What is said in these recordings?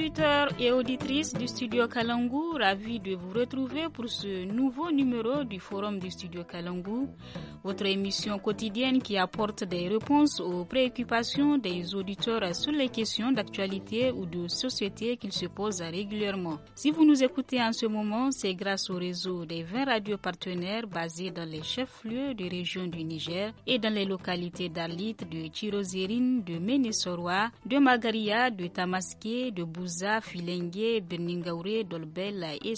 auditeurs et auditrices du studio Kalangou, ravi de vous retrouver pour ce nouveau numéro du forum du studio Kalangou, votre émission quotidienne qui apporte des réponses aux préoccupations des auditeurs sur les questions d'actualité ou de société qu'ils se posent régulièrement. Si vous nous écoutez en ce moment, c'est grâce au réseau des 20 radios partenaires basés dans les chefs-lieux des régions du Niger et dans les localités d'Arlit, de Chirozérine, de Ménesoroa, de Magaria, de Tamaské, de Bouzou Dolbel et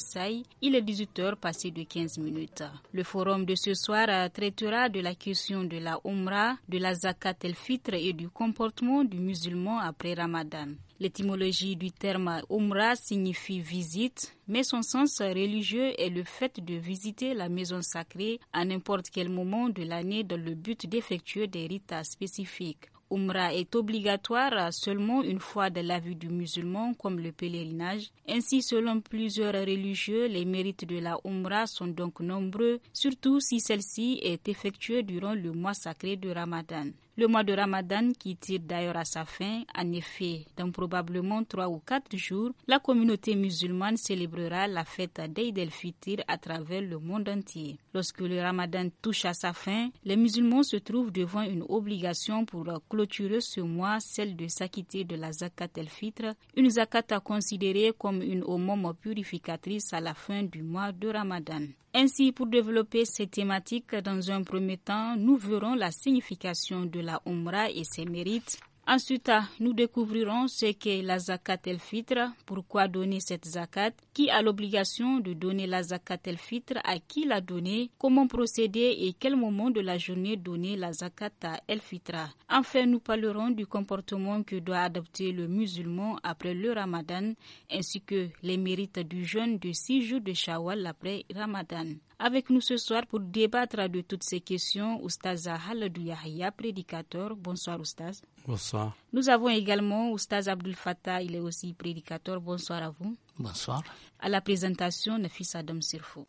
Il est 18h passé de 15 minutes. Le forum de ce soir traitera de la question de la Umrah, de la Zakat el et du comportement du musulman après Ramadan. L'étymologie du terme Umrah signifie visite, mais son sens religieux est le fait de visiter la maison sacrée à n'importe quel moment de l'année dans le but d'effectuer des rites spécifiques. Umra est obligatoire seulement une fois de la vie du musulman, comme le pèlerinage. Ainsi, selon plusieurs religieux, les mérites de la Umrah sont donc nombreux, surtout si celle-ci est effectuée durant le mois sacré de Ramadan. Le mois de Ramadan, qui tire d'ailleurs à sa fin, en effet, dans probablement trois ou quatre jours, la communauté musulmane célébrera la fête d'Eid el-Fitr à travers le monde entier. Lorsque le Ramadan touche à sa fin, les musulmans se trouvent devant une obligation pour clôturer ce mois, celle de s'acquitter de la zakat el-Fitr, une zakat considérée comme une aumône purificatrice à la fin du mois de Ramadan. Ainsi, pour développer ces thématiques, dans un premier temps, nous verrons la signification de la Umra et ses mérites, Ensuite, nous découvrirons ce qu'est la zakat el fitra. pourquoi donner cette zakat, qui a l'obligation de donner la zakat el fitra à qui la donner, comment procéder et quel moment de la journée donner la zakat el-fitra. Enfin, nous parlerons du comportement que doit adopter le musulman après le ramadan, ainsi que les mérites du jeûne de six jours de shawwal après ramadan. Avec nous ce soir pour débattre de toutes ces questions, Oustaza Haladou Yahya, prédicateur. Bonsoir Oustaz. Bonsoir. Nous avons également Oustaz Abdul Fattah, il est aussi prédicateur. Bonsoir à vous. Bonsoir. À la présentation, Nefis Adam Sirfo.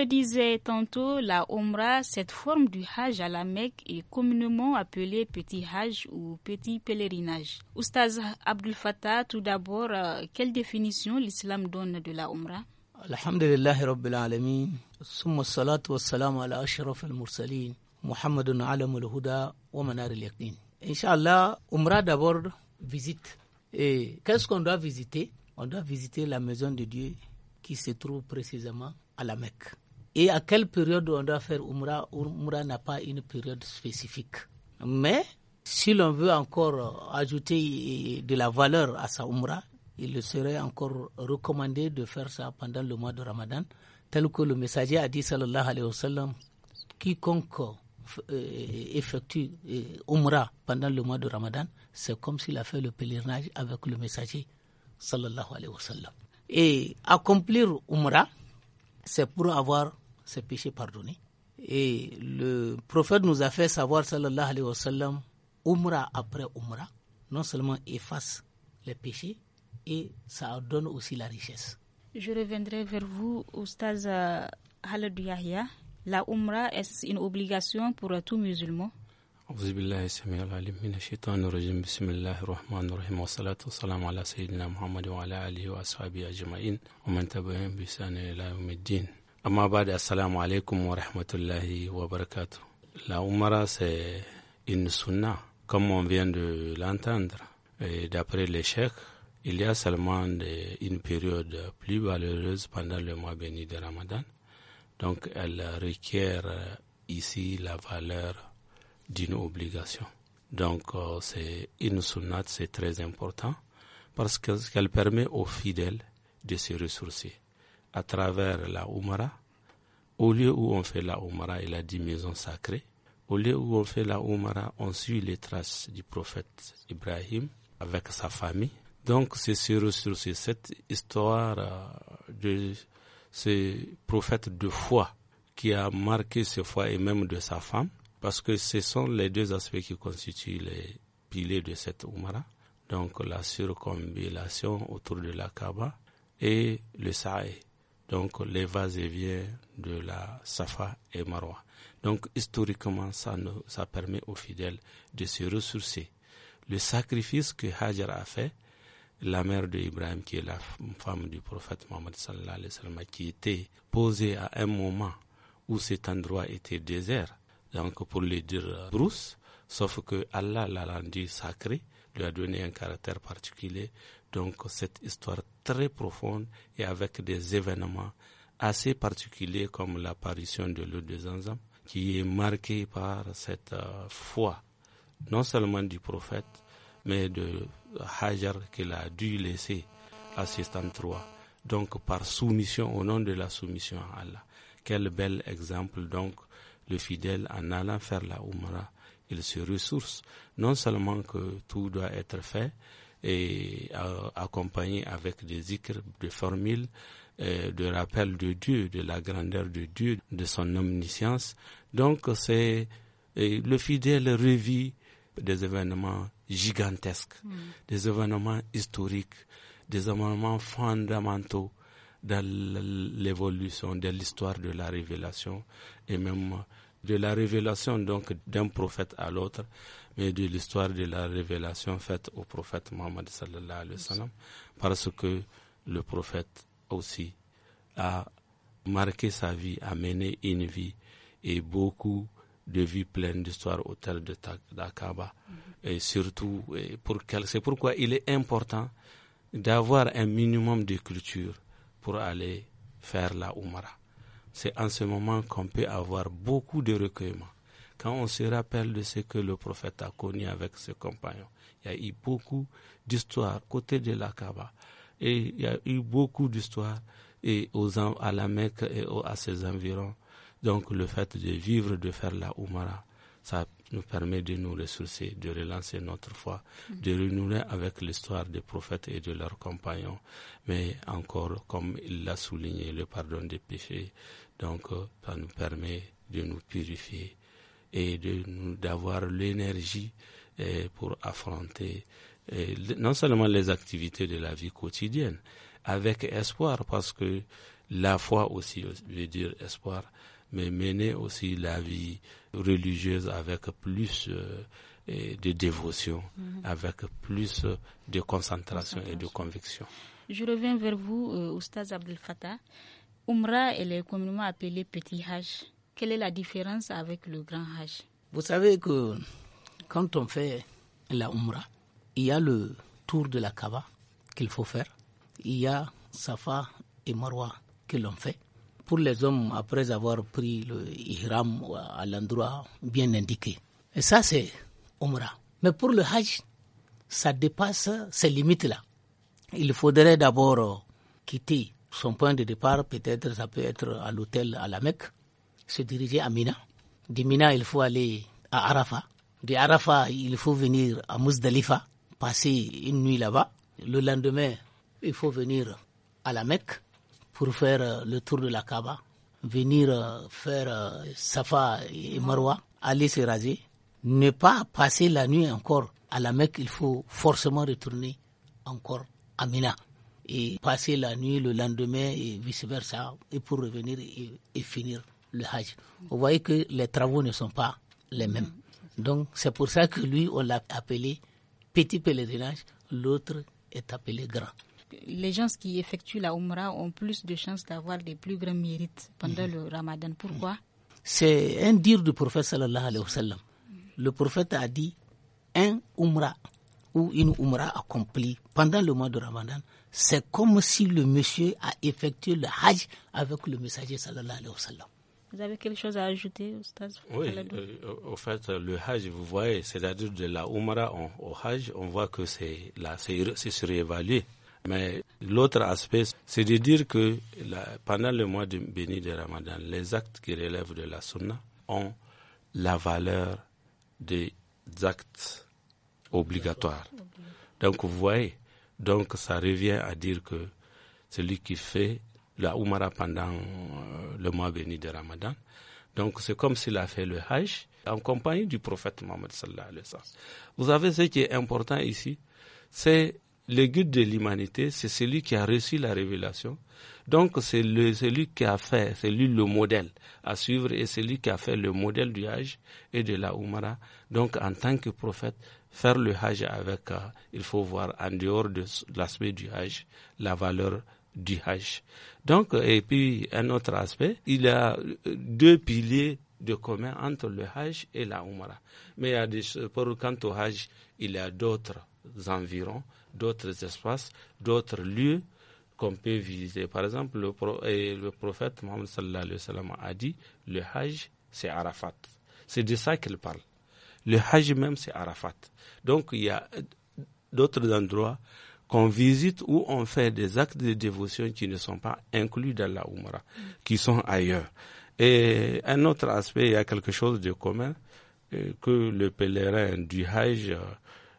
Je disais tantôt, la Omra, cette forme du Hajj à la Mecque, est communément appelée petit Hajj ou petit pèlerinage. Oustaz Abdul Fattah, tout d'abord, euh, quelle définition l'islam donne de la Omra Alhamdulillah Rabbil Alamin, summa salatu wa salam ala ashraf al-mursalin, Muhammadun alam al-huda wa manar al-yaqin. Inch'Allah, Omra d'abord, visite. Et qu'est-ce qu'on doit visiter On doit visiter la maison de Dieu qui se trouve précisément à la Mecque et à quelle période on doit faire Umra. Umra n'a pas une période spécifique. Mais si l'on veut encore ajouter de la valeur à sa Umra, il serait encore recommandé de faire ça pendant le mois de Ramadan, tel que le messager a dit sallallahu alayhi wa sallam, quiconque euh, effectue euh, Umra pendant le mois de Ramadan, c'est comme s'il a fait le pèlerinage avec le messager sallallahu alayhi wa sallam. Et accomplir Umra, c'est pour avoir ses péchés pardonnés. Et le prophète nous a fait savoir, sallallahu alayhi wa sallam, Umrah après Umrah, non seulement efface les péchés, et ça donne aussi la richesse. Je reviendrai vers vous, Oustaz euh, Haladou Yahya. La Umrah est ce une obligation pour tout musulman أعوذ بالله السميع العليم من الشيطان الرجيم بسم الله الرحمن الرحيم والصلاة والسلام على سيدنا محمد وعلى آله وأصحابه أجمعين ومن تبعهم بإحسان إلى يوم الدين Amma assalamu wa rahmatullahi wa barakatuh. La Umara, c'est une sunna, comme on vient de l'entendre. Et D'après les chèques, il y a seulement une période plus valeureuse pendant le mois béni de Ramadan. Donc, elle requiert euh, ici la valeur d'une obligation. Donc, euh, c'est une sunnat, c'est très important parce qu'elle permet aux fidèles de se ressourcer à travers la Oumara. Au lieu où on fait la Oumara, il a dit maison sacrée. Au lieu où on fait la Oumara, on suit les traces du prophète Ibrahim avec sa famille. Donc c'est sur, sur cette histoire euh, de ce prophète de foi qui a marqué ce foi et même de sa femme, parce que ce sont les deux aspects qui constituent les piliers de cette Oumara. Donc la surcombination autour de la Kaaba et le Sahel donc les vases et de la Safa et Marwa. Donc historiquement, ça, permet aux fidèles de se ressourcer. Le sacrifice que Hajar a fait, la mère Ibrahim qui est la femme du prophète Mohammed sallallahu alayhi wa sallam, qui était posée à un moment où cet endroit était désert, donc pour le dire euh, brousse, sauf que Allah l'a rendu sacré, lui a donné un caractère particulier. Donc cette histoire très profonde et avec des événements assez particuliers comme l'apparition de l'eau de Zanzam, qui est marquée par cette euh, foi, non seulement du prophète, mais de Hajar qu'il a dû laisser à ses Donc par soumission, au nom de la soumission à Allah. Quel bel exemple donc le fidèle en allant faire la Umrah, il se ressource. Non seulement que tout doit être fait, et accompagné avec des zikrs, des formules, euh, de rappel de Dieu, de la grandeur de Dieu, de son omniscience. Donc c'est le fidèle revit des événements gigantesques, hmm. des événements historiques, des événements fondamentaux dans l'évolution de l'histoire de la révélation et même de la révélation donc d'un prophète à l'autre mais de l'histoire de la révélation faite au prophète Mohammed sallallahu alayhi wa parce que le prophète aussi a marqué sa vie, a mené une vie et beaucoup de vies pleines d'histoire au tel de d'Akaba. Mhm. Et surtout, pour, c'est pourquoi il est important d'avoir un minimum de culture pour aller faire la Umara C'est en ce moment qu'on peut avoir beaucoup de recueillements. Quand on se rappelle de ce que le prophète a connu avec ses compagnons, il y a eu beaucoup d'histoires côté de la Kaaba et il y a eu beaucoup d'histoires et aux à la Mecque et aux, à ses environs. Donc le fait de vivre, de faire la Oumara, ça nous permet de nous ressourcer, de relancer notre foi, mm. de renouer avec l'histoire des prophètes et de leurs compagnons, mais encore, comme il l'a souligné, le pardon des péchés. Donc, euh, ça nous permet de nous purifier et d'avoir l'énergie euh, pour affronter euh, non seulement les activités de la vie quotidienne, avec espoir, parce que la foi aussi veut dire espoir, mais mener aussi la vie religieuse avec plus euh, de dévotion, mhm. avec plus de concentration, et de conviction. Je reviens vers vous, Oustaz Abdel Fattah. Umrah, elle est communément appelée petit Hajj. Quelle est la différence avec le grand Hajj Vous savez que quand on fait la Umrah, il y a le tour de la Kaaba qu'il faut faire. Il y a Safa et Marwa que l'on fait. Pour les hommes, après avoir pris le ihram à l'endroit bien indiqué. Et ça, c'est Umrah. Mais pour le Hajj, ça dépasse ces limites-là. Il faudrait d'abord quitter son point de départ, peut-être ça peut être à l'hôtel à la Mecque, se diriger à Mina. De Mina, il faut aller à Arafat. De Arafat, il faut venir à Muzdalifa, passer une nuit là-bas. Le lendemain, il faut venir à la Mecque pour faire euh, le tour de la Kaaba, venir euh, faire euh, Safa et Marwa, aller se raser. Ne pas passer la nuit encore à la Mecque, il faut forcément retourner encore à Mina et passer la nuit le lendemain et vice-versa, et pour revenir et finir le Hajj. Vous voyez que les travaux ne sont pas les mêmes. Mm, Donc c'est pour ça que lui, on l'a appelé petit pèlerinage, l'autre est appelé grand. Les gens qui effectuent la Umrah ont plus de chances d'avoir des plus grands mérites pendant mm-hmm. le Ramadan. Pourquoi mm-hmm. C'est un dire du prophète sallallahu alayhi wa sallam. Mm-hmm. Le prophète a dit un Umrah ou une Umrah accomplie pendant le mois de Ramadan, c'est comme si le monsieur a effectué le Hajj avec le messager sallallahu alayhi wa sallam. Vous avez quelque chose à ajouter, stade? Oui, euh, au fait, le Hajj, vous voyez, c'est-à-dire de la Umra au Hajj, on voit que c'est surévalué. Mais l'autre aspect, c'est de dire que pendant le mois de, béni de Ramadan, les actes qui relèvent de la Sunna ont la valeur des actes obligatoires. Donc vous voyez, donc ça revient à dire que celui qui fait la Oumara pendant euh, le mois béni de Ramadan. Donc c'est comme s'il a fait le Hajj en compagnie du prophète Mohammed sallallahu alaihi wa sallam. Vous avez ce qui est important ici, c'est le de l'humanité, c'est celui qui a reçu la révélation. Donc c'est celui qui a fait, c'est lui le modèle à suivre et c'est lui qui a fait le modèle du Hajj et de la Oumara. Donc en tant que prophète, faire le Hajj avec, euh, il faut voir en dehors de l'aspect du Hajj, la valeur du Hajj. Donc, et puis un autre aspect, il y a euh, deux piliers de commun entre le Hajj et la Umrah. Mais il a des, pour, quant au Hajj, il y a d'autres environs, d'autres espaces, d'autres lieux qu'on peut visiter. Par exemple, le, le prophète Mohammed sallallahu alayhi wa a dit, le Hajj, c'est Arafat. C'est de ça qu'il parle. Le Hajj même, c'est Arafat. Donc, il y a euh, d'autres endroits qu'on visite ou on fait des actes de dévotion qui ne sont pas inclus dans la Oumra, qui sont ailleurs. Et un autre aspect, il y a quelque chose de commun euh, que le pèlerin du Hajj euh,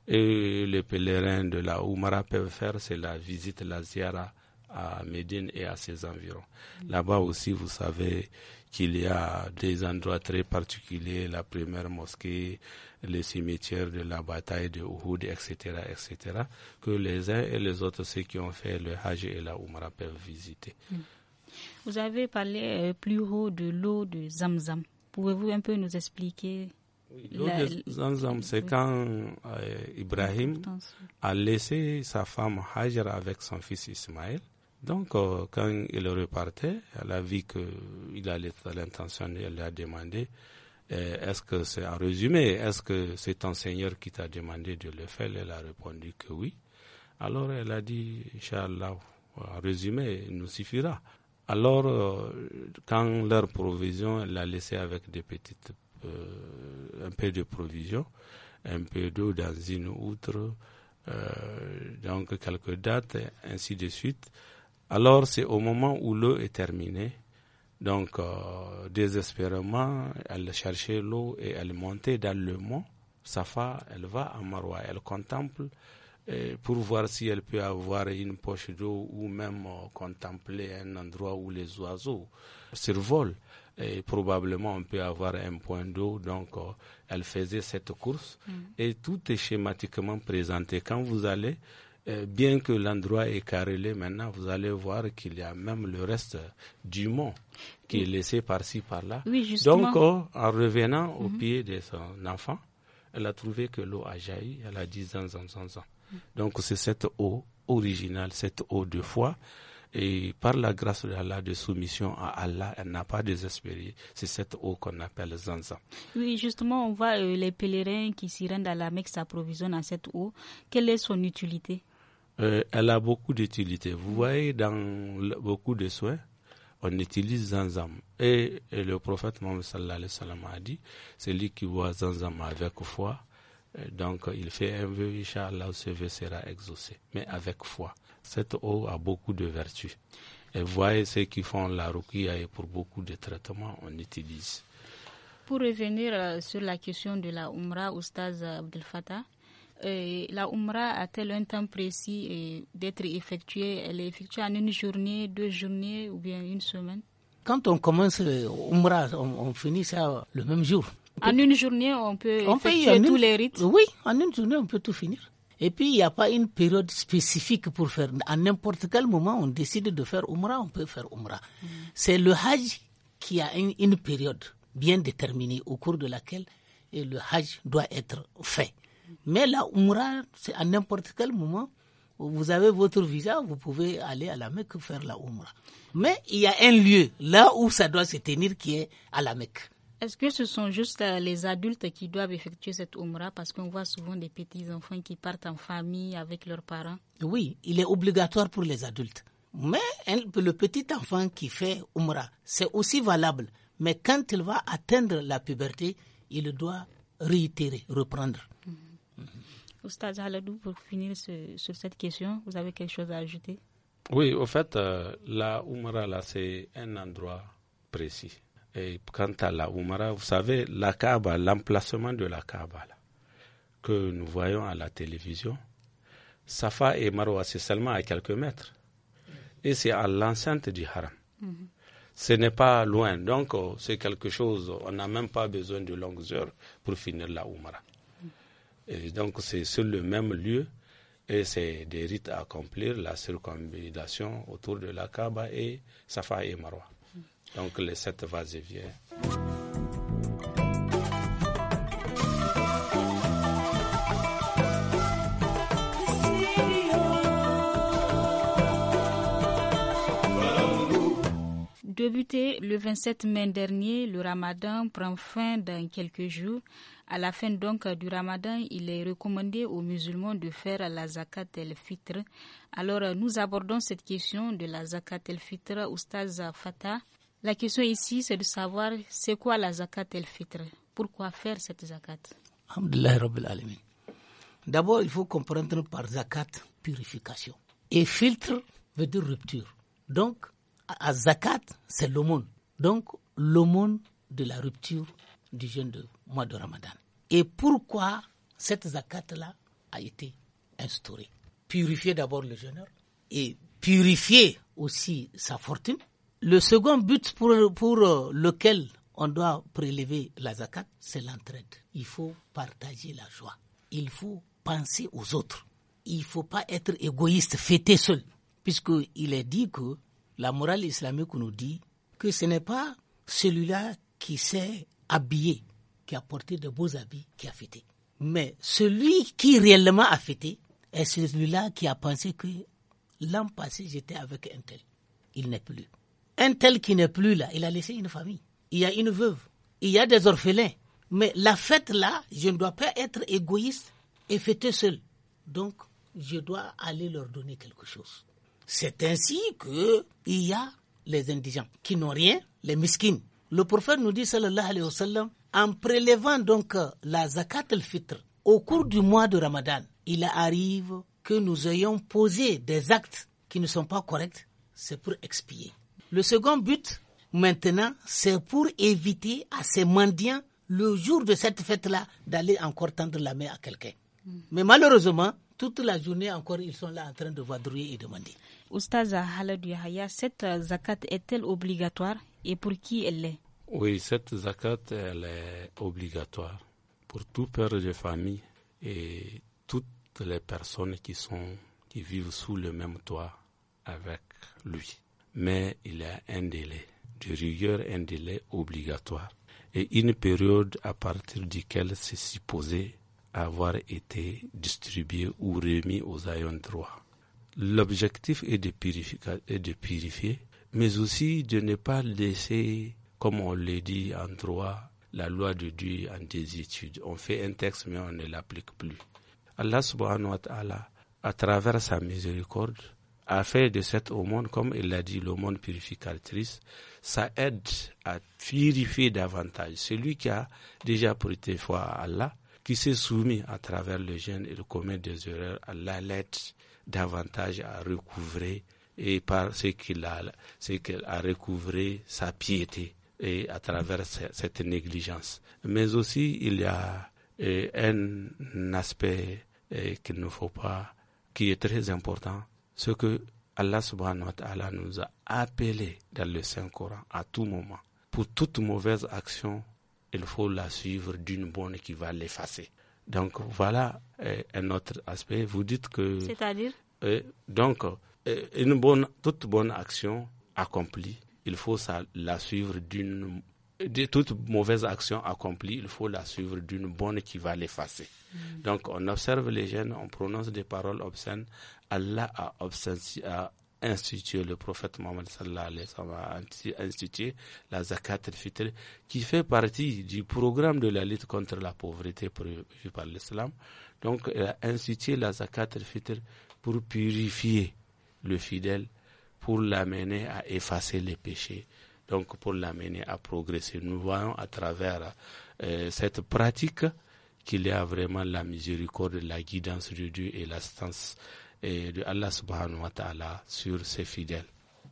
et les pèlerins de la Oumara peuvent faire, c'est la visite, la ziara à Médine et à ses environs. Là-bas aussi, vous savez qu'il y a des endroits très particuliers, la première mosquée, les cimetières de la bataille de Uhud, etc., etc., que les uns et les autres, ceux qui ont fait le Hajj et la Umrah, peuvent visiter. Mm. Vous avez parlé euh, plus haut de l'eau de Zamzam. Pouvez-vous un peu nous expliquer L'eau de Zamzam, c'est quand euh, Ibrahim a laissé sa femme Hajar avec son fils Ismaël. Donc, euh, quand il repartait, elle a vu qu'il à l'intention, elle a demandé euh, est-ce que c'est un résumé Est-ce que c'est ton Seigneur qui t'a demandé de le faire Elle a répondu que oui. Alors elle a dit, Inch'Allah, résumé, il nous suffira. Alors, euh, quand leur provision, elle l'a laissé avec des petites, euh, un peu de provision, un peu d'eau dans une outre, donc quelques dates, ainsi de suite. Alors, c'est au moment où l'eau est terminée donc, euh, désespérément, elle cherchait l'eau et elle montait dans le mont. Safa, elle va à Marwa, elle contemple pour voir si elle peut avoir une poche d'eau ou même euh, contempler un endroit où les oiseaux survolent. Et probablement, on peut avoir un point d'eau. Donc, euh, elle faisait cette course. Mm. Et tout est schématiquement présenté. Quand vous allez euh, bien que l'endroit est carrelé maintenant, vous allez voir qu'il y a même le reste du mont qui est laissé par-ci, par-là. Donc, oh, en revenant au mhm. pied de son enfant, elle a trouvé que l'eau a jailli, elle a dit zan, zan, mhm. Donc, c'est cette eau originale, cette eau de foi. Et par la grâce d'Allah, de soumission à Allah, elle n'a pas désespéré. C'est cette eau qu'on appelle Zanzan. Oui, justement, on voit euh, les pèlerins qui s'y rendent à la Mecque s'approvisionnent à cette eau. Quelle est son utilité euh, elle a beaucoup d'utilité. Vous voyez, dans beaucoup de soins, on utilise zanzam. Et, le prophète Mohammed sallallahu alayhi a dit, celui qui voit zanzam avec foi, euh, donc il fait un vœu, Inch'Allah, ce vœu sera exaucé. Mais avec foi. Cette eau a beaucoup de vertus. Et vous voyez, ceux qui font la rukia et pour beaucoup de traitements, on utilise. Pour revenir euh, sur la question de la Umrah, Oustaz Abdel Fattah, la umra a-t-elle un temps précis d'être effectuée Elle est effectuée en une journée, deux journées ou bien une semaine Quand on commence l'umra, on, on finit ça le même jour. En une journée, on peut effectuer tous les rites Oui, en une journée, on peut tout finir. Et puis, il n'y a pas une période spécifique pour faire. À n'importe quel moment, on décide de faire umra, on peut faire umra. Mm. C'est le Hajj qui a une, une, période bien déterminée au cours de laquelle le Hajj doit être fait. Mais la Oumra, c'est à n'importe quel moment. Vous avez votre visa, vous pouvez aller à la Mecque faire la Oumra. Mais il y a un lieu là où ça doit se tenir qui est à la Mecque. Est-ce que ce sont juste euh, les adultes qui doivent effectuer cette Oumra, parce qu'on voit souvent des petits-enfants qui partent en famille avec leurs parents Oui, il est obligatoire pour les adultes. Mais le petit enfant qui fait Oumra, c'est aussi valable. Mais quand il va atteindre la puberté, il doit réitérer, reprendre pour finir sur cette question, vous avez quelque chose à ajouter Oui, au fait, euh, la Oumara, là, c'est un endroit précis. Et quant à la Oumara, vous savez, la Kaaba, l'emplacement de la Kaaba, que nous voyons à la télévision, Safa et Marwa, c'est seulement à quelques mètres. Et c'est à l'enceinte du Haram. Mhm. Ce n'est pas loin. Donc, euh, c'est quelque chose, on n'a même pas besoin de longues heures pour finir la Oumara donc c'est sur le même lieu et c'est des rites à accomplir, la circumambulation autour de la Kaaba et Safa et Marwa. Donc les sept vases et Débuté le 27 mai dernier, le ramadan prend fin dans quelques jours. À la fin donc du ramadan, il est recommandé aux musulmans de faire la zakat el-fitr. Alors nous abordons cette question de la zakat el-fitr, Oustaz Fatah. La question ici, c'est de savoir c'est quoi la zakat el-fitr Pourquoi faire cette zakat D'abord, il faut comprendre par zakat purification. Et filtre veut dire rupture. Donc, à Zakat, c'est l'aumône. Donc, l'aumône de la rupture du jeûne de mois de Ramadan. Et pourquoi cette Zakat-là a été instaurée Purifier d'abord le jeûneur et purifier aussi sa fortune. Le second but pour, pour euh, lequel on doit prélever la zakat, c'est l'entraide. Il faut partager la joie. Il faut penser aux autres. Il ne faut pas être égoïste, fêter seul, puisqu'il est dit que la morale islamique nous dit que ce n'est pas celui-là qui s'est habillé, qui a porté de beaux habits, qui a fêté. Mais celui qui réellement a fêté est celui-là qui a pensé que l'an passé j'étais avec un tel. Il n'est plus. Un tel qui n'est plus là, il a laissé une famille. Il y a une veuve. Il y a des orphelins. Mais la fête là, je ne dois pas être égoïste et fêter seul. Donc, je dois aller leur donner quelque chose. C'est ainsi que il y a les indigents qui n'ont rien, les miskines. Le prophète nous dit, sallallahu alayhi wa sallam, en prélevant donc euh, la zakat al-fitr au cours du mois de Ramadan, il arrive que nous ayons posé des actes qui ne sont pas corrects, c'est pour expier. Le second but, maintenant, c'est pour éviter à ces mendiants, le jour de cette fête-là, d'aller encore tendre la main à quelqu'un. Mm. Mais malheureusement, toute la journée encore, ils sont là en train de vadrouiller et demander. Oustaza Haladou Yahya, cette euh, zakat est-elle obligatoire et pour qui elle est Oui, cette zakat, elle est obligatoire pour tout père de famille et toutes les personnes qui sont qui vivent sous le même toit avec lui. Mais il y a un délai, de rigueur un délai obligatoire et une période à partir duquel c'est supposé avoir été distribué ou remis aux ayants droit l'objectif est de, purifier, mais aussi de ne pas laisser, comme on le dit en droit, la loi de Dieu en des On fait un texte, mais on ne l'applique plus. Allah subhanahu wa ta'ala, à travers sa miséricorde, a fait de cette monde comme il l'a dit, l'aumône purificatrice, ça aide à purifier davantage celui qui a déjà prêté foi à Allah, qui s'est soumis à travers le jeûne et le commet des erreurs, à la lettre, davantage à recouvrer et par ce qu'il a, c'est qu'il a recouvré sa piété et à travers cette négligence. Mais aussi, il y a eh, un aspect eh, qu'il ne faut pas, qui est très important, ce que Allah subhanahu wa ta'ala nous a appelé dans le Saint-Coran à tout moment. Pour toute mauvaise action, il faut la suivre d'une bonne qui va l'effacer. Donc voilà euh, un autre aspect. Vous dites que. C'est-à-dire euh, Donc, euh, une bonne, toute bonne action accomplie, il faut la suivre d'une. De toute mauvaise action accomplie, il faut la suivre d'une bonne qui va l'effacer. Mm. Donc, on observe les jeunes, on prononce des paroles obscènes. Allah a, obscène, institué, le prophète Mohammed sallallahu alayhi wa sallam a institué la zakat al-fitr qui fait partie du programme de la lutte contre la pauvreté prévue par l'islam. Donc, il a institué la zakat al-fitr pour purifier le fidèle, pour l'amener à effacer les péchés, donc pour l'amener à progresser. Nous voyons à travers euh, cette pratique qu'il y a vraiment la miséricorde, la guidance de Dieu et l'assistance et de Allah subhanahu wa ta'ala sur ses fidèles.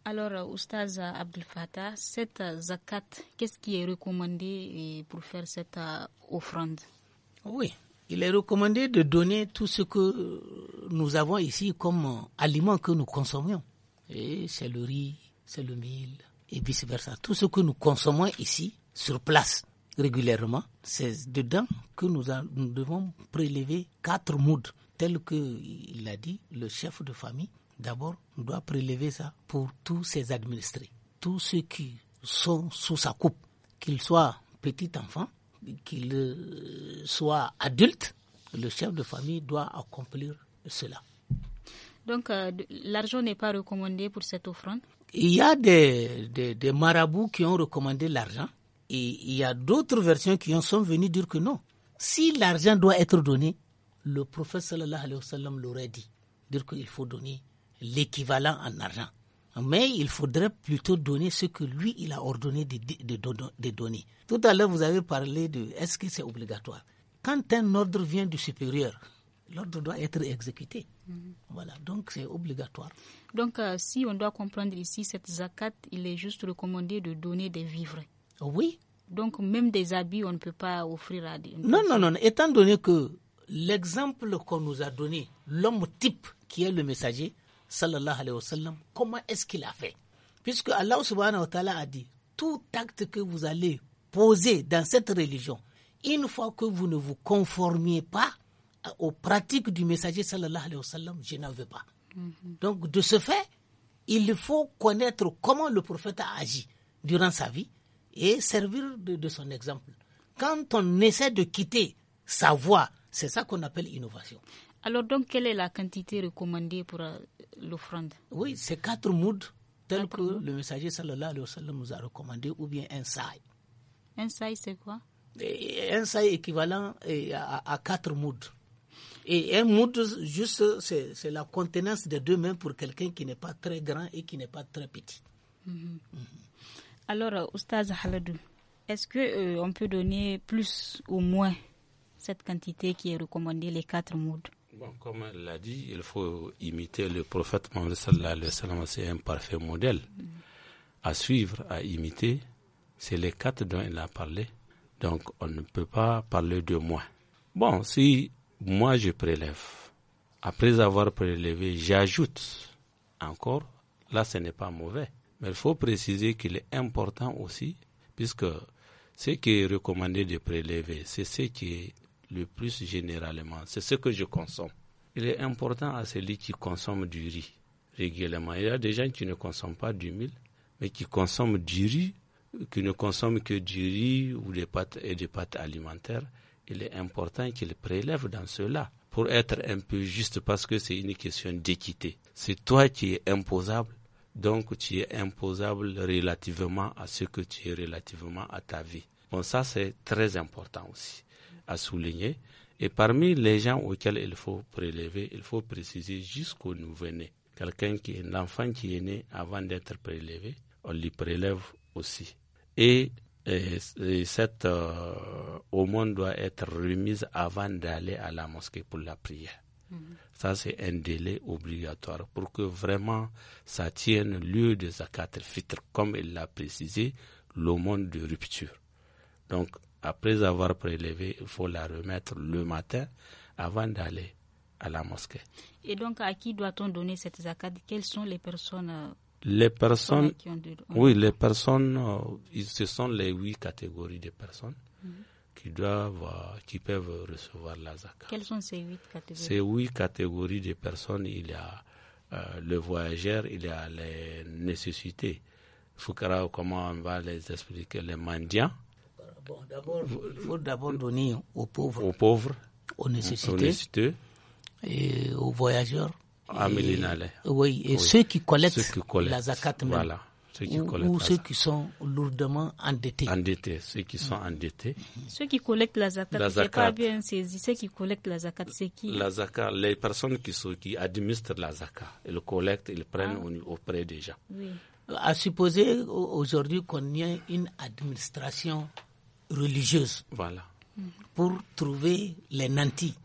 Alors, euh, Oustaz Abdel Fattah, cette euh, zakat, qu'est-ce qui est recommandé euh, pour faire cette offrande Oui, il est recommandé de donner tout ce que nous avons ici comme aliment que nous consommons. c'est le riz, c'est le mil, et vice-versa. Tout ce que nous consommons ici, sur place, régulièrement, c'est dedans que nous, devons prélever quatre moudres tel il a dit, le chef de famille, d'abord, doit prélever ça pour tous ses administrés. Tous ceux qui sont sous sa coupe, qu'ils soient petits enfants, qu'ils euh, soient adultes, le chef de famille doit accomplir cela. Donc, euh, l'argent n'est pas recommandé pour cette offrande Il y a des, marabouts qui ont recommandé l'argent et il y a d'autres versions qui en sont venues dire que non. Si l'argent doit être donné, le prophète sallallahu alayhi wa l'aurait dit. Dire qu'il faut donner l'équivalent en argent. Mais il faudrait plutôt donner ce que lui, il a ordonné de, de, donner. Tout à l'heure, vous avez parlé de est-ce que c'est obligatoire Quand un ordre vient du supérieur, l'ordre doit être exécuté. Mm-hmm. Voilà, donc c'est obligatoire. Donc, euh, si on doit comprendre ici, cette zakat, il est juste recommandé de donner des vivres. Oui. Donc, même des habits, on ne peut pas offrir à des. Non, non, non. Étant donné que l'exemple qu'on nous a donné, l'homme type qui est le messager, sallallahu alayhi wa sallam, comment est-ce qu'il a fait Puisque Allah subhanahu wa ta'ala a dit, tout acte que vous allez poser dans cette religion, une fois que vous ne vous conformiez pas aux pratiques du messager sallallahu alayhi wa sallam, je n'en veux pas. Mhm. Donc de ce fait, il faut connaître comment le prophète a agi durant sa vie et servir de son exemple. Quand on essaie de quitter sa voie c'est ça qu'on appelle innovation. Alors donc, quelle est la quantité recommandée pour euh, l'offrande Oui, c'est quatre moods tel que le messager sallallahu alayhi wa sallam nous a recommandé, ou bien un saï. Un saï, c'est quoi Un saï équivalent à, quatre moods. Et un mood, juste, c'est la contenance des deux mains pour quelqu'un qui n'est pas très grand et qui n'est pas très petit. Mm-hmm. Mm-hmm. Alors, euh, Oustaz Haladou, est-ce qu'on euh, on peut donner plus ou moins cette quantité qui est recommandée, les quatre modes. bon, Comme elle l'a dit, il faut imiter le prophète Mohammed c'est un parfait modèle à suivre, à imiter. C'est les quatre dont il a parlé. Donc on ne peut pas parler de moi. Bon, si moi je prélève, après avoir prélevé, j'ajoute encore, là ce n'est pas mauvais. Mais il faut préciser qu'il est important aussi, puisque ce qui est recommandé de prélever, c'est ce qui est le plus généralement, c'est ce que je consomme. Il est important à celui qui consomme du riz régulièrement. Il y a des gens qui ne consomment pas du mil, mais qui consomment du riz, qui ne consomment que du riz ou des pâtes et des pâtes alimentaires. Il est important qu'ils prélèvent dans cela pour être un peu juste parce que c'est une question d'équité. C'est toi qui es imposable, donc tu es imposable relativement à ce que tu es relativement à ta vie. Bon, ça c'est très important aussi à souligner. Et parmi les gens auxquels il faut prélever, il faut préciser jusqu'au nouveau-né. Quelqu'un qui est l'enfant qui est né avant d'être prélevé, on lui prélève aussi. Et, cette euh, aumône doit être remise avant d'aller à la mosquée pour la prière. Mhm. Ça, c'est un délai obligatoire pour que vraiment ça tienne lieu de sa quatre fitr comme il l'a précisé, l'aumône de rupture. Donc, après avoir prélevé, il faut la remettre le matin avant d'aller à la mosquée. Et donc, à qui doit-on donner cette zakat Quelles sont les personnes euh, Les personnes, oui, les personnes, euh, ce sont les huit catégories de personnes mhm. qui doivent, euh, qui peuvent recevoir la zakat. Quelles sont ces huit catégories Ces huit catégories de personnes, il y a le voyageur, il y a les nécessités. Foukara, comment on va les expliquer Les mendiants, Bon, d'abord, il faut d'abord donner aux pauvres, aux, pauvres, nécessités, aux et aux voyageurs. À ah, et, oui, et Ceux, qui collectent la zakat même. Voilà. Ceux qui ou, ou ceux qui sont lourdement endettés. Endettés, ceux qui sont endettés. Mhm. Ceux qui collectent la zakat, c'est pas bien saisi. Ceux qui collectent la zakat, c'est qui La zakat, les personnes qui, sont, qui administrent la zakat, le collectent, ils prennent ah. auprès des gens. Oui. À supposer aujourd'hui qu'on ait une administration religieuses voilà. pour trouver les nantis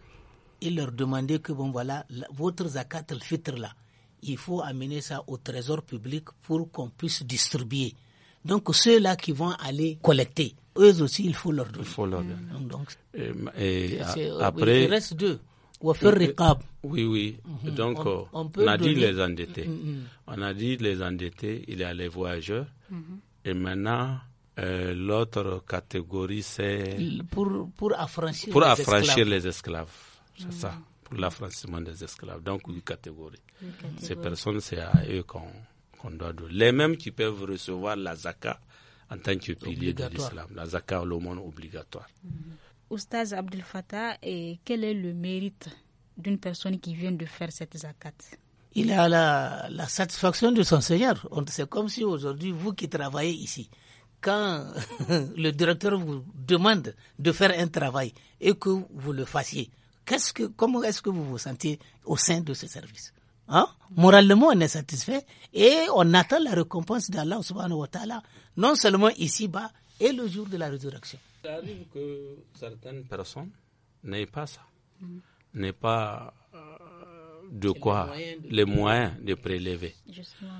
et leur demander que, bon, voilà, votre zakat le fitr là, il faut amener ça au trésor public pour qu'on puisse distribuer. Donc ceux-là qui vont aller collecter, eux aussi, il faut leur donner. Il faut leur donner. Hmm. Donc, et, après, il reste deux. Oui, oui. Hmm. Donc, on, euh, a dit les endettés. Hmm, on a dit les endettés, il y a les voyageurs. Et maintenant, euh, l'autre catégorie, c'est... Pour, pour affranchir, pour les, affranchir esclaves. les esclaves. C'est mm. ça, pour l'affranchissement des esclaves. Donc, une catégorie. Ces personnes, c'est à eux qu'on doit donner. Les mêmes qui peuvent recevoir la zaka en tant que pilier de l'islam. La zaka, l'aumône obligatoire. Mm. Oustaz Abdel Fattah, et quel est le mérite d'une personne qui vient de faire cette zakat il a la, la satisfaction de son Seigneur. C'est comme si aujourd'hui, vous qui travaillez ici, quand le directeur vous demande de faire un travail et que vous le fassiez, qu'est-ce que, comment est-ce que vous vous sentez au sein de ce service hein? Moralement, on est satisfait et on attend la récompense d'Allah subhanahu wa ta'ala, non seulement ici-bas et le jour de la résurrection. Il arrive que certaines personnes n'aient pas ça, n'aient pas euh, de quoi les moyens de, les moyens de prélever.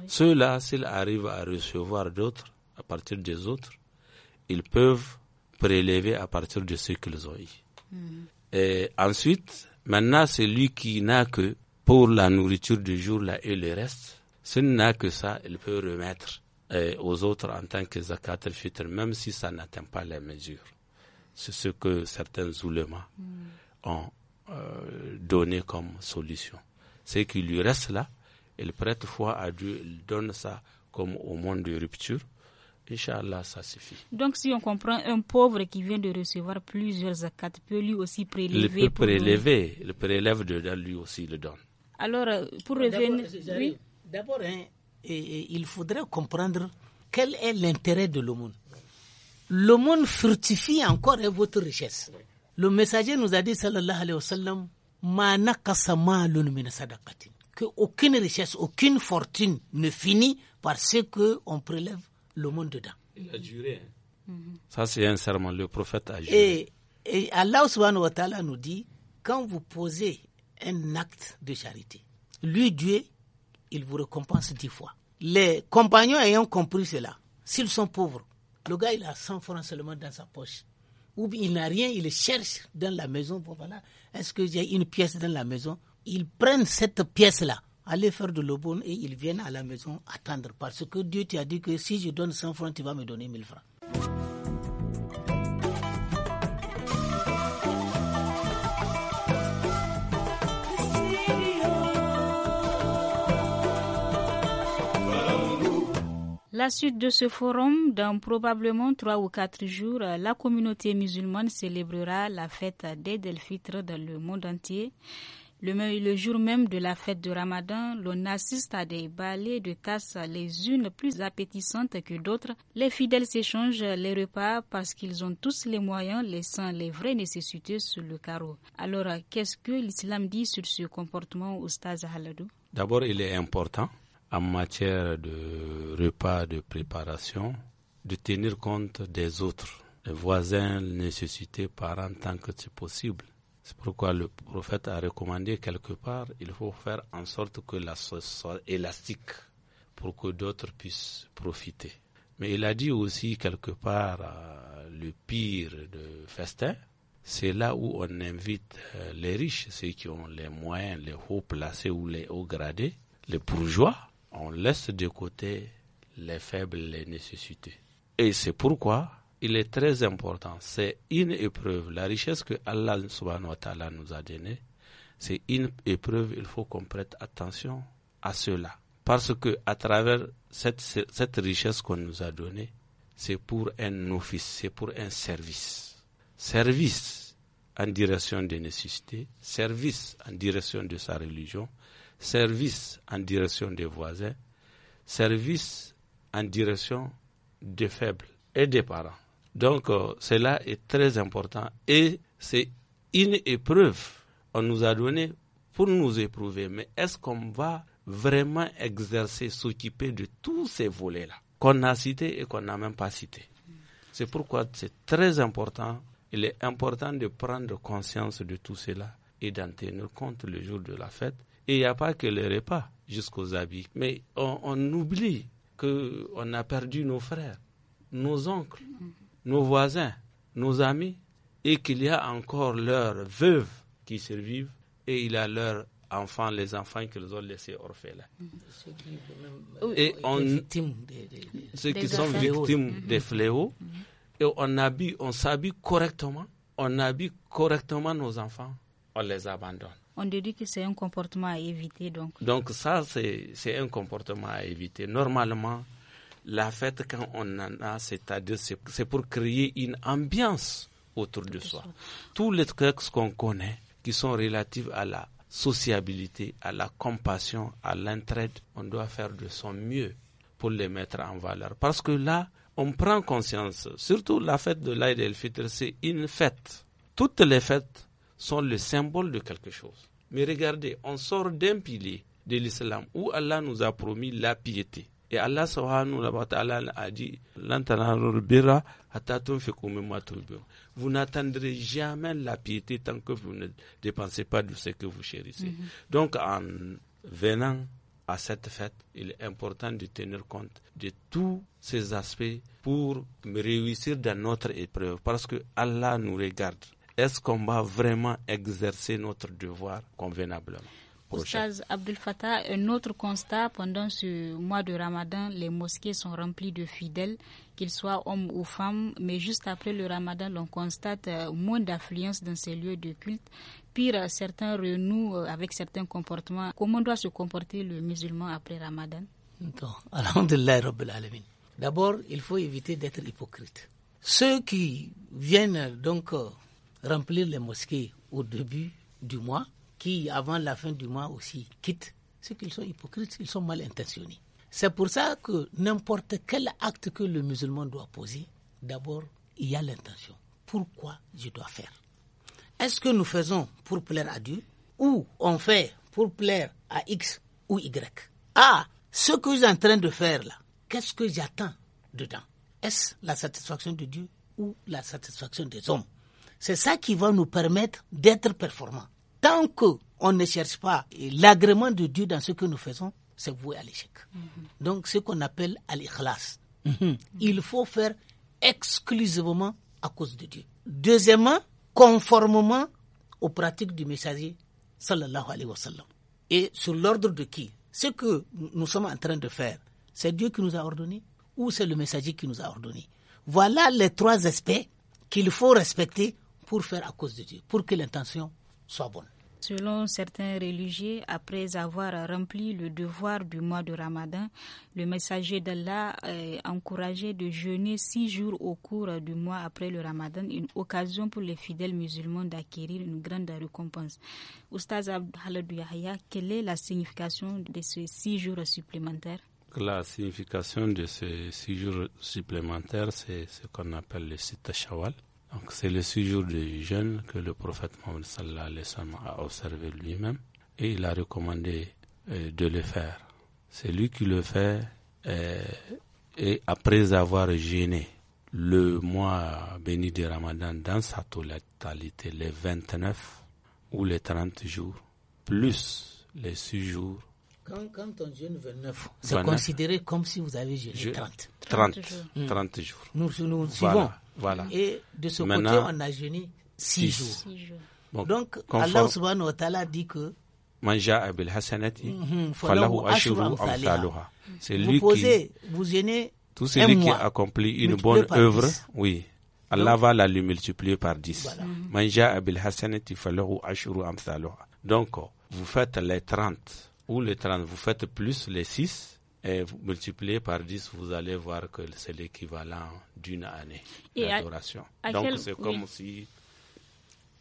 Ceux-là, s'ils arrivent à recevoir d'autres, à partir des autres, ils peuvent prélever à partir de ce qu'ils ont eu. Mm. Et ensuite, maintenant, celui qui n'a que pour la nourriture du jour là et le reste, ce n'a que ça, il peut remettre eh, aux autres en tant que zakat al même si ça n'atteint pas les mesures. C'est ce que certains oulémas mm. ont euh, donné comme solution. Ce qui lui reste là, il prête foi à Dieu, il donne ça comme au monde de rupture. Inch'Allah, ça suffit. Donc, si on comprend, un pauvre qui vient de recevoir plusieurs zakat peut lui aussi prélever. Il peut prélever, le prélève de lui aussi le donne. Alors, euh, pour revenir. Oui? D'abord, hein, il faudrait comprendre quel est l'intérêt de l'aumône. L'aumône fructifie encore hein, votre richesse. Le messager nous a dit, alayhi wa sallam, que aucune richesse, aucune fortune ne finit parce qu'on prélève le monde dedans. Il a juré. Hein. Mm-hmm. Ça, c'est un serment. Le prophète a juré. Et, Allah nous dit quand vous posez un acte de charité, lui, Dieu, il vous récompense dix fois. Les compagnons ayant compris cela, s'ils sont pauvres, le gars, il a 100 francs seulement dans sa poche. Ou bien il n'a rien, il cherche dans la maison. voilà, est-ce que j'ai une pièce dans la maison Ils prennent cette pièce-là allez faire de l'aubône et ils viennent à la maison attendre parce que Dieu t'a dit que si je donne 100 francs, tu vas me donner 1000 francs. La suite de ce forum, dans probablement trois ou quatre jours, la communauté musulmane célébrera la fête des Delphitres dans le monde entier. Le, jour même de la fête de Ramadan, l'on assiste à des balais de tasses les unes plus appétissantes que d'autres. Les fidèles s'échangent les repas parce qu'ils ont tous les moyens laissant les vraies nécessités sur le carreau. Alors, qu'est-ce que l'islam dit sur ce comportement au stade Haladou D'abord, il est important en matière de repas, de préparation, de tenir compte des autres, les voisins, les nécessités, parents, tant que c'est possible c'est pourquoi le prophète a recommandé quelque part, il faut faire en sorte que la sauce soit élastique pour que d'autres puissent profiter. Mais il a dit aussi quelque part euh, le pire de festin, c'est là où on invite euh, les riches, ceux qui ont les moyens, les hauts placés ou les hauts gradés, les bourgeois, on laisse de côté les faibles, les nécessités. Et c'est pourquoi il est très important. C'est une épreuve. La richesse que Allah subhanahu wa ta'ala nous a donnée, c'est une épreuve. Il faut qu'on prête attention à cela. Parce que à travers cette, cette richesse qu'on nous a donnée, c'est pour un office, c'est pour un service. Service en direction des nécessités, service en direction de sa religion, service en direction des voisins, service en direction des faibles et des parents. Donc euh, cela est très important et c'est une épreuve. On nous a donné pour nous éprouver, mais est-ce qu'on va vraiment exercer, s'occuper de tous ces volets-là qu'on a cités et qu'on n'a même pas cités C'est pourquoi c'est très important. Il est important de prendre conscience de tout cela et d'en tenir compte le jour de la fête. Et il n'y a pas que les repas jusqu'aux habits. Mais on, on oublie qu'on a perdu nos frères, nos oncles, nos voisins, nos amis, et qu'il y a encore leurs veuves qui survivent, et il y a leurs enfants, les enfants qu'ils ont laissés orphelins. Et mm-hmm. on, ceux qui sont euh, euh, victimes des mm-hmm. fléaux, mm-hmm. et on habille, on s'habille correctement, on habille correctement nos enfants, on les abandonne. On dit que c'est un comportement à éviter donc. Donc ça, c'est un comportement à éviter. Normalement, la fête, quand on en a, c'est-à-dire, c'est pour créer une ambiance autour de soi. Tous les textes qu'on connaît, qui sont relatifs à la sociabilité, à la compassion, à l'entraide, on doit faire de son mieux pour les mettre en valeur. Parce que là, on prend conscience, surtout la fête de l'Aïd el-Fitr, c'est une fête. Toutes les fêtes sont le symbole de quelque chose. Mais regardez, on sort d'un pilier de l'islam où Allah nous a promis la piété. Et Allah a dit Vous n'attendrez jamais la piété tant que vous ne dépensez pas de ce que vous chérissez. Mhm. Donc, en venant à cette fête, il est important de tenir compte de tous ces aspects pour réussir dans notre épreuve parce que Allah nous regarde. Est-ce qu'on va vraiment exercer notre devoir convenablement Oustaz Abdel Fattah, un autre constat, pendant ce mois de Ramadan, les mosquées sont remplies de fidèles, qu'ils soient hommes ou femmes, mais juste après le Ramadan, l'on constate euh, moins d'affluence dans ces lieux de culte. Pire, certains renouent euh, avec certains comportements. Comment doit se comporter le musulman après Ramadan D'abord, il faut éviter d'être hypocrite. Ceux qui viennent donc euh, remplir les mosquées au début du mois, qui, avant la fin du mois aussi, quittent, c'est qu'ils sont hypocrites, ils sont mal intentionnés. C'est pour ça que n'importe quel acte que le musulman doit poser, d'abord, il y a l'intention. Pourquoi je dois faire Est-ce que nous faisons pour plaire à Dieu ou on fait pour plaire à X ou Y Ah, ce que je suis en train de faire là, qu'est-ce que j'attends dedans Est-ce la satisfaction de Dieu ou la satisfaction des hommes C'est ça qui va nous permettre d'être performants tant qu'on ne cherche pas l'agrément de Dieu dans ce que nous faisons, c'est voué à l'échec. Mhm. Donc, ce qu'on appelle à ikhlas mhm. il faut faire exclusivement à cause de Dieu. Deuxièmement, conformément aux pratiques du messager sallallahu alayhi wa sallam. Et sur l'ordre de qui Ce que nous sommes en train de faire, c'est Dieu qui nous a ordonné ou c'est le messager qui nous a ordonné Voilà les trois aspects qu'il faut respecter pour faire à cause de Dieu, pour que l'intention soit bonne. Selon certains religieux, après avoir rempli le devoir du mois de Ramadan, le messager d'Allah encourageait encouragé de jeûner six jours au cours du mois après le Ramadan, une occasion pour les fidèles musulmans d'acquérir une grande récompense. Oustaz Abdallah Yahya, quelle est la signification de ces six jours supplémentaires la signification de ces six jours supplémentaires, c'est ce qu'on appelle le sita shawal, donc c'est le séjour de jeûne que le prophète Mohammed sallallahu alayhi wa a observé lui-même et il a recommandé euh, de le faire. C'est lui qui le fait euh, et après avoir jeûné le mois béni de Ramadan dans sa totalité, les 29 ou les 30 jours, plus les 6 jours. Quand, quand on jeûne 29, c'est considéré comme si vous avez jeûné 30. 30, jours. Nous, suivons. Voilà. Et de ce Maintenant, côté, on a jeûné 6 jours. Donc, Allah dit que c'est lui posez, qui vous gênez tout celui qui accomplit une bonne œuvre, oui. Allah va la lui multiplier par 10. Mhm. Donc, vous faites les 30 ou les 30, vous faites plus les 6 et vous par 10, vous allez voir que c'est l'équivalent d'une année d'adoration. Donc c'est comme si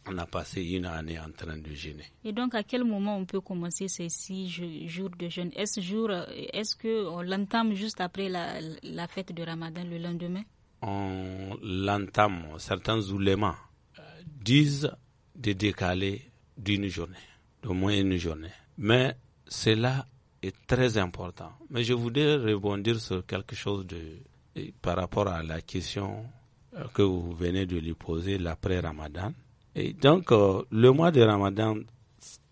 on a passé une année en train de jeûner. Et donc à quel moment on peut commencer ces six jours de jeûne Est-ce jour, est-ce que on l'entame juste après la, fête de Ramadan le lendemain On l'entame. Certains oulémas euh, disent de décaler d'une journée, d'au moins une journée. Mais cela est très important. Mais je voudrais rebondir sur quelque chose de, par rapport à la question euh, que vous venez de lui poser, l'après-Ramadan. Et donc, euh, le mois de Ramadan,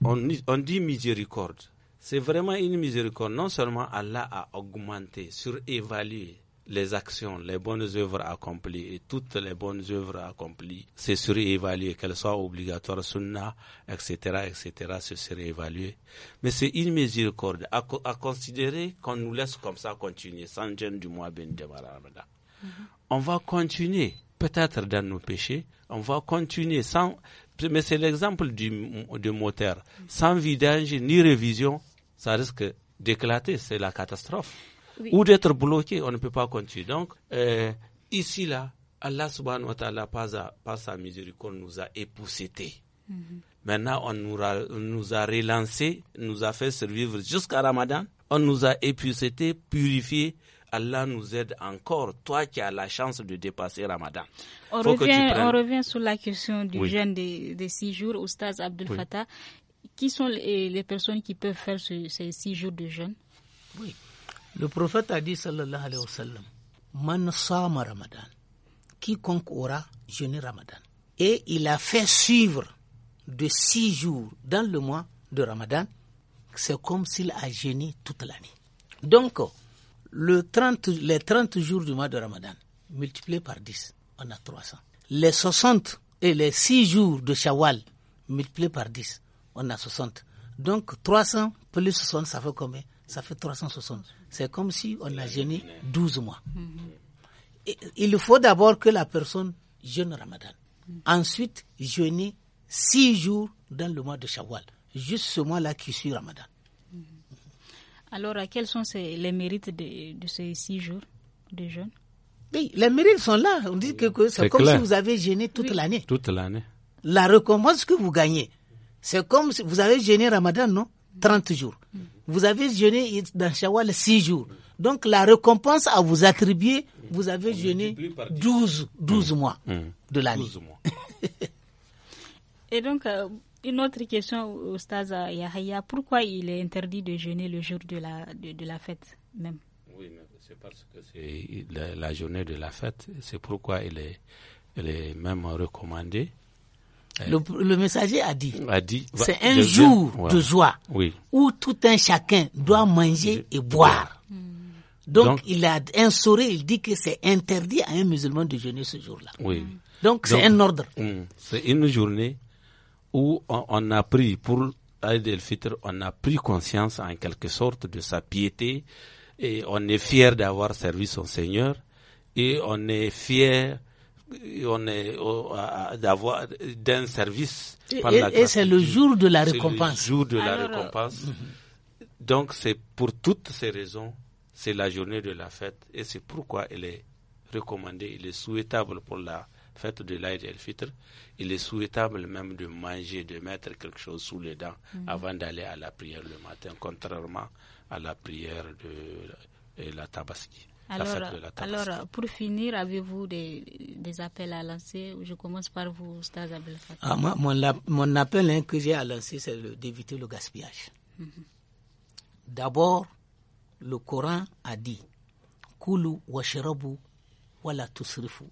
on, on dit miséricorde. C'est vraiment une miséricorde. Non seulement Allah a augmenté, surévalué les actions, les bonnes œuvres accomplies et toutes les bonnes œuvres accomplies, serait évaluées qu'elles soient obligatoires, sunna, etc., etc., serait évaluées. Mais c'est une mesure corde à, considérer qu'on nous laisse comme ça continuer, sans gêne du mois Ben Ramadan. Mm-hmm. On va continuer, peut-être dans nos péchés, on va continuer sans, mais c'est l'exemple du, du moteur. Mm-hmm. Sans vidange ni révision, ça risque d'éclater, c'est la catastrophe ou d'être bloqué, on ne peut pas continuer. Donc, euh, ici, là, Allah subhanahu wa ta'ala, par sa miséricorde, nous a époussé. Mhm. Maintenant, on nous, a, nous a relancé, nous a fait survivre jusqu'à Ramadan. On nous a époussé, purifiés. Allah nous aide encore, toi qui as la chance de dépasser Ramadan. On, revient, sur la question du jeûne des, six jours, Oustaz Abdel Fattah. Qui sont les, personnes qui peuvent faire ces six jours de jeûne Oui, le prophète a dit, sallallahu alayhi wa sallam, Man sama Ramadan, quiconque aura jeûné Ramadan. Et il a fait suivre de six jours dans le mois de Ramadan, c'est comme s'il a jeûné toute l'année. Donc, le 30, les 30 jours du mois de Ramadan, multipliés par 10, on a 300. Les 60 et les 6 jours de Shawwal, multipliés par 10, on a 60. Donc 300 plus 60, ça fait combien Ça fait 360 c'est comme si on a jeûné 12 mois. il faut d'abord que la personne jeûne Ramadan. Ensuite, jeûner 6 jours dans le mois de Shawwal, juste ce mois-là qui suit Ramadan. Alors, quels sont les mérites de, ces 6 jours de jeûne oui, les mérites sont là. On dit que, c'est comme si vous avez gêné toute l'année. Toute l'année. La récompense que vous gagnez, c'est comme si vous avez gêné Ramadan, non 30 jours. Vous avez jeûné dans Shawal 6 jours. Donc la récompense à vous attribuer, vous avez jeûné 12, 12 mm. mois mm. de l'année. Et donc, euh, une autre question, stade Yahya, pourquoi il est interdit de jeûner le jour de la, de, la fête même Oui, c'est parce que c'est la, journée de la fête, c'est pourquoi il est, il est même recommandé le, messager a dit, c'est un jour de joie oui. où tout un chacun doit mm. manger et boire. Mm. Donc, il a instauré, il dit que c'est interdit à un musulman de jeûner ce jour-là. Oui. Donc c'est un ordre. Mm, c'est une journée où on, a pris pour Aïd el-Fitr, on a pris conscience en quelque sorte de sa piété et on est fier d'avoir servi son Seigneur et on est fier on est d'avoir d'un service. et, c'est le jour de la récompense. Le jour de la récompense. Euh, mhm. Donc c'est pour toutes ces raisons, c'est la journée de la fête et c'est pourquoi elle est recommandée, il est souhaitable pour la fête de l'Aïd el-Fitr, il est souhaitable même de manger, de mettre quelque chose sous les dents mhm. avant d'aller à la prière le matin, contrairement à la prière de la Tabaski alors, alors, pour finir, avez-vous des, des, appels à lancer Je commence par vous, Stas Abel ah, moi, mon, appel hein, que j'ai à lancer, c'est d'éviter le gaspillage. Mhm. D'abord, le Coran a dit tusrifu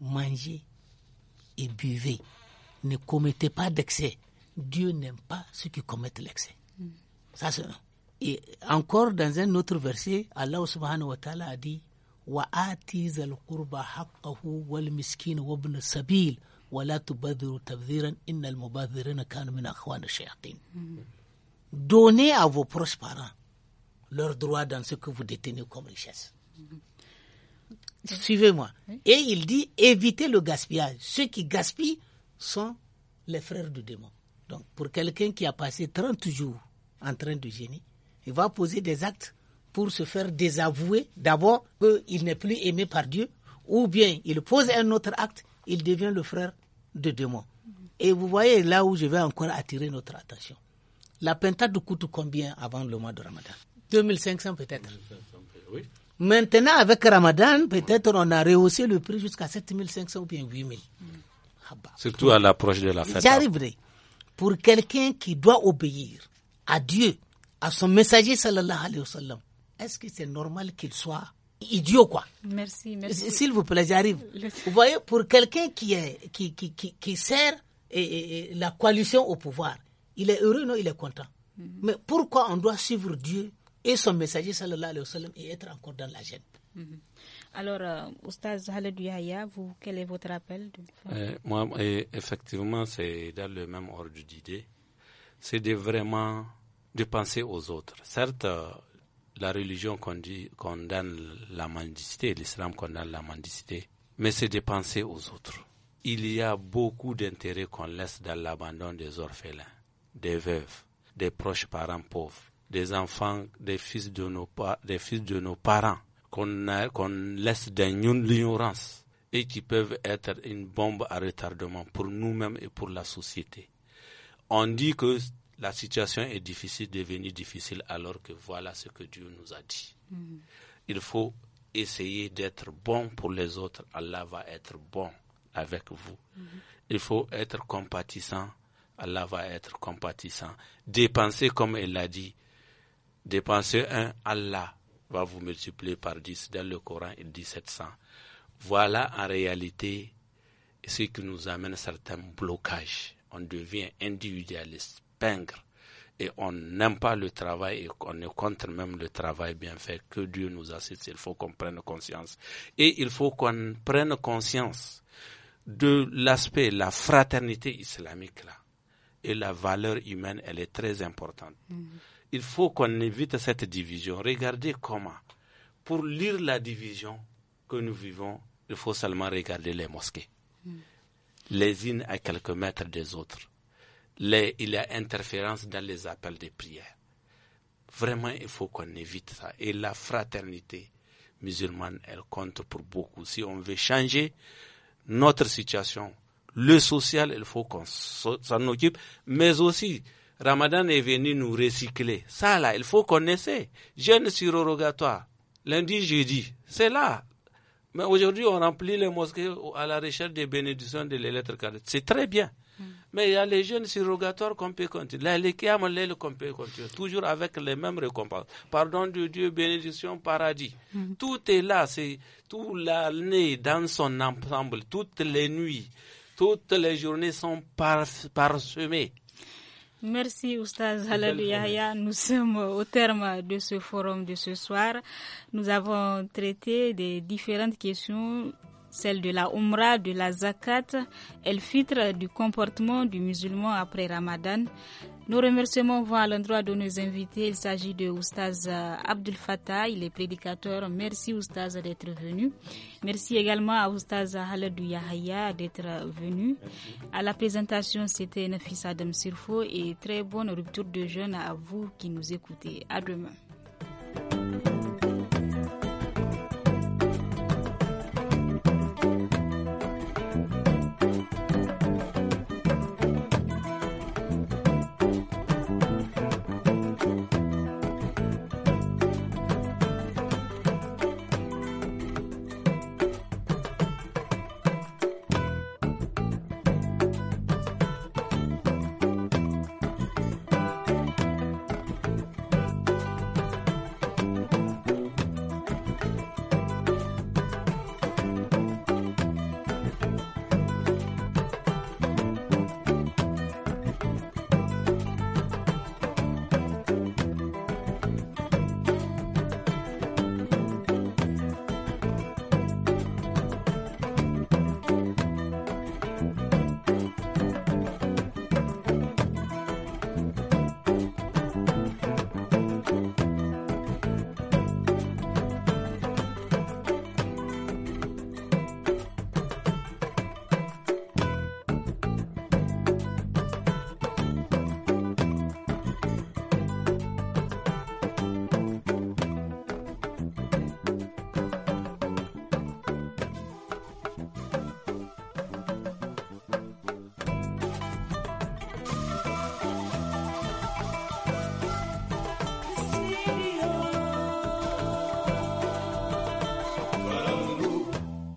Mangez et buvez. Ne commettez pas d'excès. Dieu n'aime pas ceux qui commettent l'excès. Mhm. Ça, c'est un. Et encore dans un autre verset, Allah subhanahu wa ta'ala a dit Wa wal miskin sabil wa la min shayatin. Donnez à vos proches parents leurs droits dans ce que vous détenez comme richesse. Suivez-moi. Et il dit évitez le gaspillage. Ceux qui gaspillent sont les frères du démon. Donc pour quelqu'un qui a passé 30 jours en train de gêner, il va poser des actes pour se faire désavouer d'abord qu'il n'est plus aimé par Dieu, ou bien il pose un autre acte, il devient le frère de démon. Et vous voyez là où je vais encore attirer notre attention. La pentade coûte combien avant le mois de Ramadan 2500 peut-être. Maintenant, avec Ramadan, peut-être on a rehaussé le prix jusqu'à 7500 ou bien 8000. Surtout à l'approche de la fête. J'arriverai. Hein. Pour quelqu'un qui doit obéir à Dieu, à son messager sallallahu alayhi wa sallam. Est-ce que c'est normal qu'il soit idiot, quoi Merci, merci. S'il vous plaît, j'arrive. Vous voyez, pour quelqu'un qui, est, qui, qui, qui, sert la coalition au pouvoir, il est heureux, non Il est content. Mhm. Mais pourquoi on doit suivre Dieu et son messager sallallahu alayhi wa sallam et être encore dans la gêne mhm. Alors, euh, Oustaz vous, quel est votre appel euh, effectivement, c'est dans le même ordre d'idée. C'est de vraiment de penser aux autres. Certes, euh, la religion condamne la mendicité, l'islam condamne la mendicité, mais c'est de penser aux autres. Il y a beaucoup d'intérêts qu'on laisse dans l'abandon des orphelins, des veuves, des proches parents pauvres, des enfants, des fils de nos, des fils de nos parents, qu'on laisse dans l'ignorance et qui peuvent être une bombe à retardement pour nous-mêmes et pour la société. On dit que la situation est difficile, devenue difficile alors que voilà ce que Dieu nous a dit. Mm. Il faut essayer d'être bon pour les autres. Allah va être bon avec vous. Mm-hmm. Il faut être compatissant. Allah va être compatissant. Dépenser comme il l'a dit. Dépenser un, Allah va vous multiplier par 10. Dans le Coran, il dit 700. Voilà en réalité ce qui nous amène à certains blocages. On devient individualiste peindre. Et on n'aime pas le travail et on est contre même le travail bien fait. Que Dieu nous assiste. Il faut qu'on prenne conscience. Et il faut qu'on prenne conscience de l'aspect, la fraternité islamique là. Et la valeur humaine, elle est très importante. Mm. Il faut qu'on évite cette division. Regardez comment. Pour lire la division que nous vivons, il faut seulement regarder les mosquées. Mm. Les unes à quelques mètres des autres il y a interférence dans les appels de prière. Vraiment, il faut qu'on évite ça. Et la fraternité musulmane, elle compte pour beaucoup. Si on veut changer notre situation, le social, il faut qu'on s'en occupe, mais aussi Ramadan est venu nous recycler. Ça, là, il faut qu'on essaie. Jeûne surrogatoire, lundi, jeudi, c'est là. Mais aujourd'hui, on remplit les mosquées à la recherche des bénédictions de cadres. C'est très bien. Mais il y a les jeunes surrogatoires qu'on peut continuer. Les qu'on peut continuer. Toujours avec les mêmes récompenses. Pardon de Dieu, bénédiction, paradis. Mhm. Tout est là. C'est tout l'année dans son ensemble. Toutes les nuits. Toutes les journées sont parsemées. Merci Oustaz Halal Nous sommes au terme de ce forum de ce soir. Nous avons traité des différentes questions celle de la Umrah, de la Zakat, elle filtre du comportement du musulman après Ramadan. Nos remerciements vont à l'endroit de nos invités. Il s'agit de Oustaz Abdul Fattah, il est prédicateur. Merci Oustaz d'être venu. Merci également à Oustaz Haladou Yahaya d'être venu. À la présentation, c'était Nafis Adam Sirfo et très bonne rupture de jeûne à vous qui nous écoutez. À demain.